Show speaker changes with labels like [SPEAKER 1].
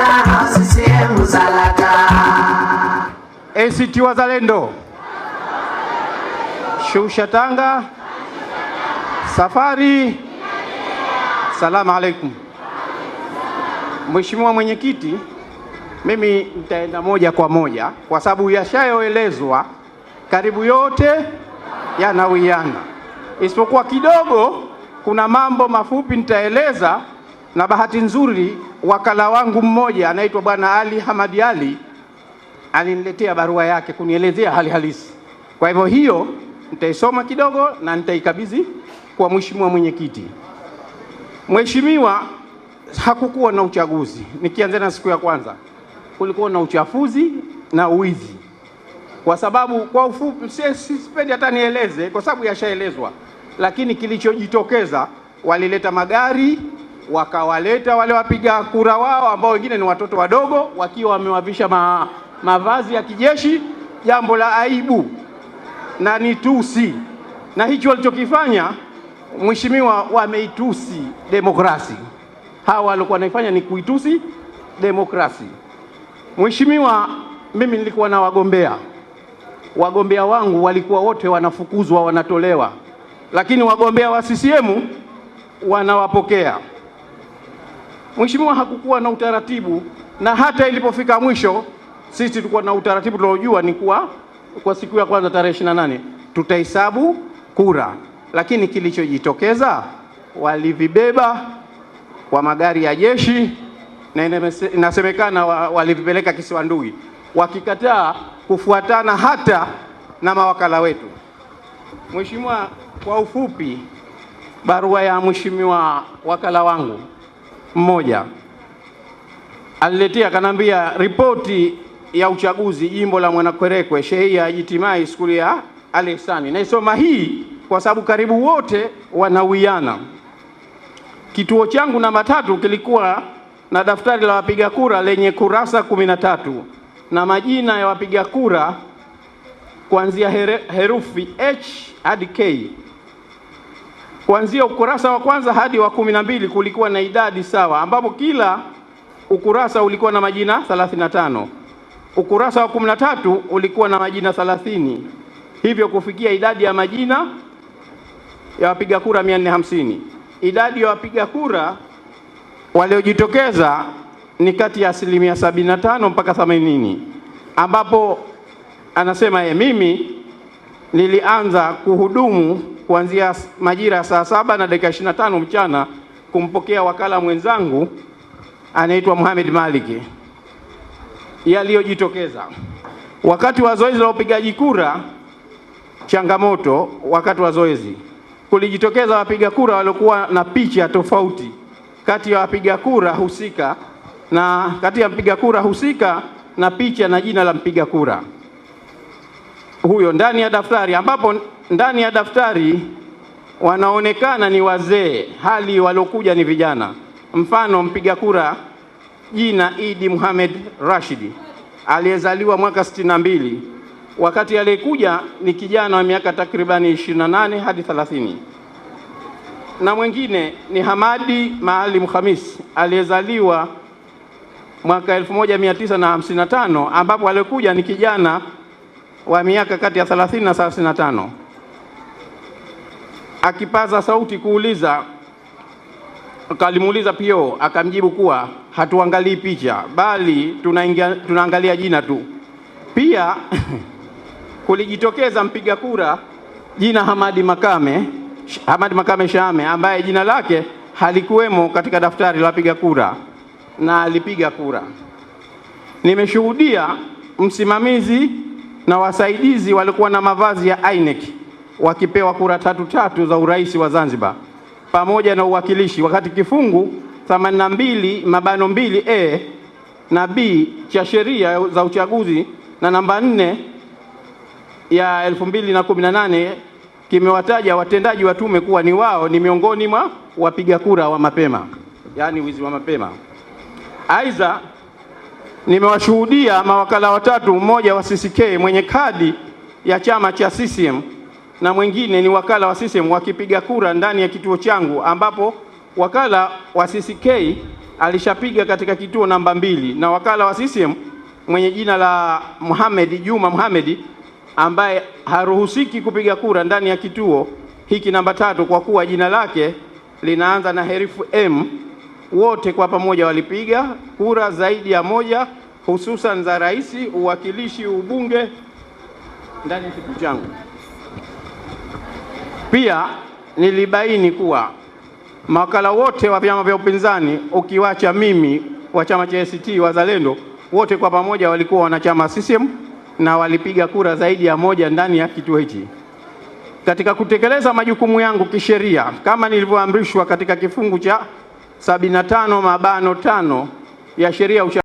[SPEAKER 1] Vijana CCM Salata.
[SPEAKER 2] ACT Wazalendo, shusha tanga, safari. Salamu alaikum. Mheshimiwa Mwenyekiti, mimi nitaenda moja kwa moja kwa sababu yashayoelezwa karibu yote yanawiana, isipokuwa kidogo kuna mambo mafupi nitaeleza, na bahati nzuri wakala wangu mmoja anaitwa Bwana Ali Hamadi Ali aliniletea barua yake kunielezea hali halisi. Kwa hivyo hiyo nitaisoma kidogo na nitaikabidhi kwa mheshimiwa mwenyekiti. Mheshimiwa, hakukuwa na uchaguzi. Nikianza na siku ya kwanza, kulikuwa na uchafuzi na uwizi, kwa sababu kwa ufupi, sipendi hata nieleze kwa sababu yashaelezwa, lakini kilichojitokeza walileta magari wakawaleta wale wapiga kura wao ambao wengine ni watoto wadogo wakiwa wamewavisha ma, mavazi ya kijeshi, jambo la aibu na ni tusi, na hicho walichokifanya mheshimiwa, wameitusi demokrasi. Hawa walikuwa wanaifanya ni kuitusi demokrasi. Mheshimiwa, mimi nilikuwa na wagombea, wagombea wangu walikuwa wote wanafukuzwa, wanatolewa, lakini wagombea wa CCM wanawapokea. Mheshimiwa, hakukuwa na utaratibu, na hata ilipofika mwisho sisi tulikuwa na utaratibu tunaojua ni kuwa kwa siku ya kwanza tarehe ishirini na nane tutahesabu kura, lakini kilichojitokeza walivibeba kwa magari ya jeshi na inasemekana walivipeleka Kisiwandui, wakikataa kufuatana hata na mawakala wetu. Mheshimiwa, kwa ufupi, barua ya mheshimiwa wakala wangu mmoja aliletea akanambia, ripoti ya uchaguzi jimbo la Mwanakwerekwe, shehia ya Jitimai, skuli ya Alexani. Naisoma hii kwa sababu karibu wote wanawiana. Kituo changu namba tatu kilikuwa na daftari la wapiga kura lenye kurasa kumi na tatu na majina ya wapiga kura kuanzia herufi H hadi K Kuanzia ukurasa wa kwanza hadi wa kumi na mbili kulikuwa na idadi sawa, ambapo kila ukurasa ulikuwa na majina tano Ukurasa wa tatu ulikuwa na majina thelathini hivyo kufikia idadi ya majina ya wapiga kura hamsini. Idadi ya wapiga kura waliojitokeza ni kati ya asilimia tano mpaka 80, ambapo anasema ye, eh, mimi nilianza kuhudumu kuanzia majira ya saa saba na dakika tano mchana kumpokea wakala mwenzangu anaitwa Mohamed Maliki. Yaliyojitokeza wakati wa zoezi la upigaji kura, changamoto wakati wa zoezi kulijitokeza wapiga kura waliokuwa na picha tofauti kati ya wapiga kura husika na kati ya mpiga kura husika na picha na jina la mpiga kura huyo ndani ya daftari, ambapo ndani ya daftari wanaonekana ni wazee, hali waliokuja ni vijana. Mfano, mpiga kura jina Idi Muhammad Rashidi aliyezaliwa mwaka 62 wakati aliyekuja ni kijana wa miaka takribani 28 hadi 30, na mwingine ni Hamadi Maalim Khamis aliyezaliwa mwaka 1955 ambapo aliyekuja ni kijana wa miaka kati ya 30 na 35 akipaza sauti kuuliza kalimuuliza pio akamjibu kuwa hatuangalii picha bali tunaingia, tunaangalia jina tu. Pia kulijitokeza mpiga kura jina Hamadi Makame, Hamadi Makame Shame ambaye jina lake halikuwemo katika daftari la wapiga kura na alipiga kura. Nimeshuhudia msimamizi na wasaidizi walikuwa na mavazi ya INEC wakipewa kura tatu tatu za urais wa Zanzibar pamoja na uwakilishi, wakati kifungu 82 mabano 2 a na b cha sheria za uchaguzi na namba 4 ya 2018 kimewataja watendaji wa tume kuwa ni wao ni miongoni mwa wapiga kura wa mapema, yaani wizi wa mapema. Aidha, nimewashuhudia mawakala watatu, mmoja wa CCK mwenye kadi ya chama cha CCM na mwingine ni wakala wa CCM wakipiga kura ndani ya kituo changu, ambapo wakala wa CCK alishapiga katika kituo namba mbili na wakala wa CCM mwenye jina la Muhammad Juma Muhammad ambaye haruhusiki kupiga kura ndani ya kituo hiki namba tatu kwa kuwa jina lake linaanza na herufi M wote kwa pamoja walipiga kura zaidi ya moja, hususan za rais, uwakilishi, ubunge ndani ya kituo changu. Pia nilibaini kuwa mawakala wote wa vyama vya upinzani ukiwacha mimi wa chama cha ACT Wazalendo, wote kwa pamoja walikuwa wanachama CCM na walipiga kura zaidi ya moja ndani ya kituo hichi. Katika kutekeleza majukumu yangu kisheria kama nilivyoamrishwa katika kifungu cha 75 mabano tano ya sheria ya